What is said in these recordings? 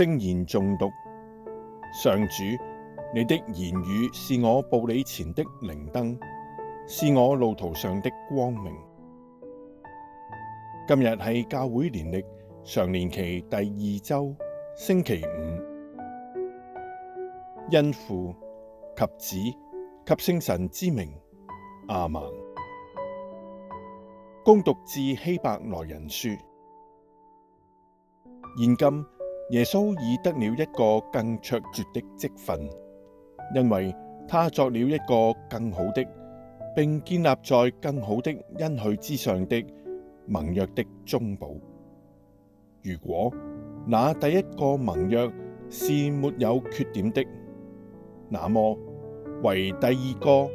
聖言誦讀。上主，你的言語是我步履前的靈燈，是我路途上的光明。今日係教會年曆常年期第二周星期五，因父及子及聖神之名，阿門。恭讀《致希伯來人書》，現今。耶穌已得了一個更卓絕的職份，因為他作了一個更好的，並建立在更好的恩許之上的盟約的中保。如果那第一個盟約是沒有缺點的，那麼，為第二個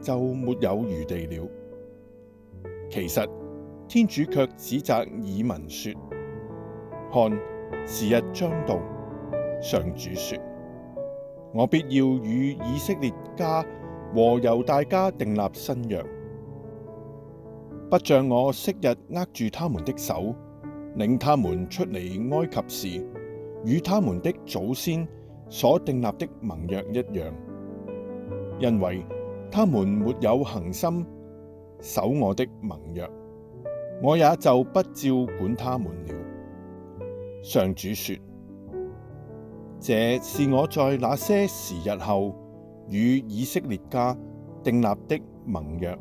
就沒有餘地了。其實天主卻指摘以民說：看。時日將到，上主說：我必要與以色列家和猶大家訂立新約，不像我昔日握住他們的手，領他們出離埃及時，與他們的祖先所訂立的盟約一樣，因為他們沒有恒心守我的盟約，我也就不照管他們了。上主說：這是我在那些時日後，與以色列家訂立的盟約。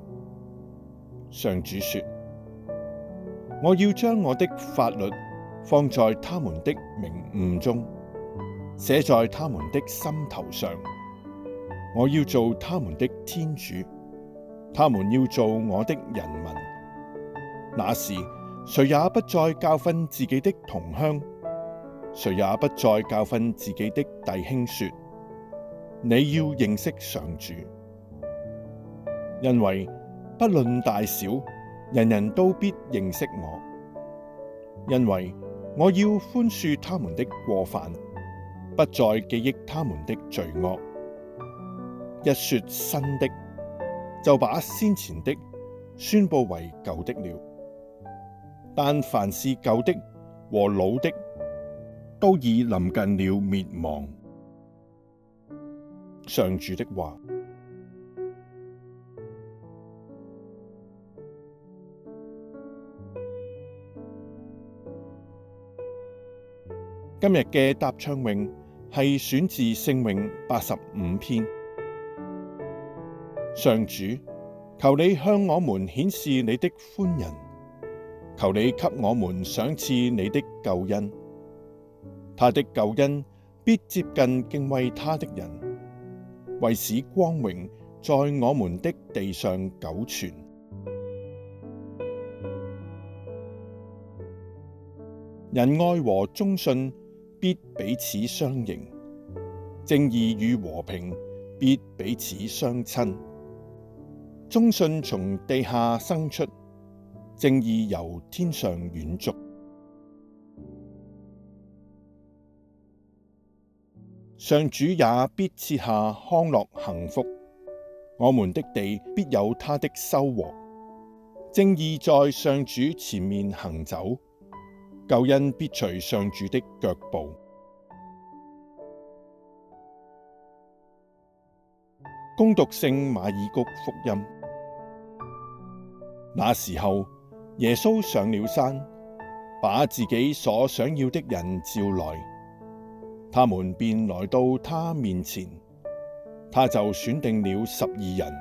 上主說：我要將我的法律放在他們的明悟中，寫在他們的心頭上。我要做他們的天主，他們要做我的人民。那時，誰也不再教訓自己的同鄉。誰也不再教訓自己的弟兄，說：你要認識上主，因為不論大小，人人都必認識我，因為我要寬恕他們的過犯，不再記憶他們的罪惡。一説新的，就把先前的宣佈為舊的了。但凡是舊的和老的，都已臨近了滅亡。上主的話，今日嘅答唱詠係選自聖詠八十五篇。上主，求你向我們顯示你的寬仁，求你給我們賞賜你的救恩。他的救恩必接近敬畏他的人，為使光榮在我們的地上久存。仁愛和忠信必彼此相迎，正義與和平必彼此相親。忠信從地下生出，正義由天上遠矚。上主也必賜下康樂幸福，我們的地必有他的收穫。正義在上主前面行走，救恩必隨上主的腳步。恭讀聖馬爾谷福音。那時候，耶穌上了山，把自己所想要的人召來。他們便來到他面前，他就選定了十二人，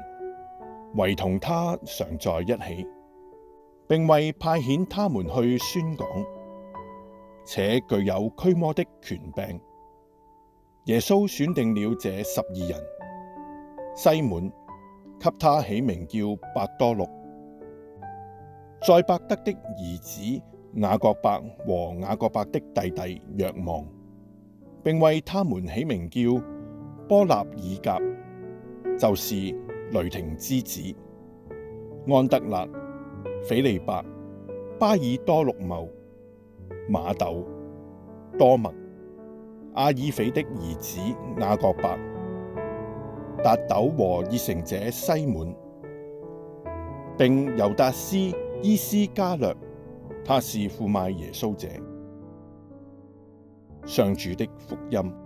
為同他常在一起，並為派遣他們去宣講，且具有驅魔的權柄。耶穌選定了這十二人，西滿給他起名叫伯多祿，載伯德的兒子雅各伯和雅各伯的弟弟若望。並為他們起名叫波納爾革，就是雷霆之子，安德肋、斐理伯、巴爾多祿茂、瑪竇、多默、阿爾斐的兒子雅各伯、達陡和熱誠者西滿，並猶達斯依斯加略，他是負賣耶穌者。上主的福音。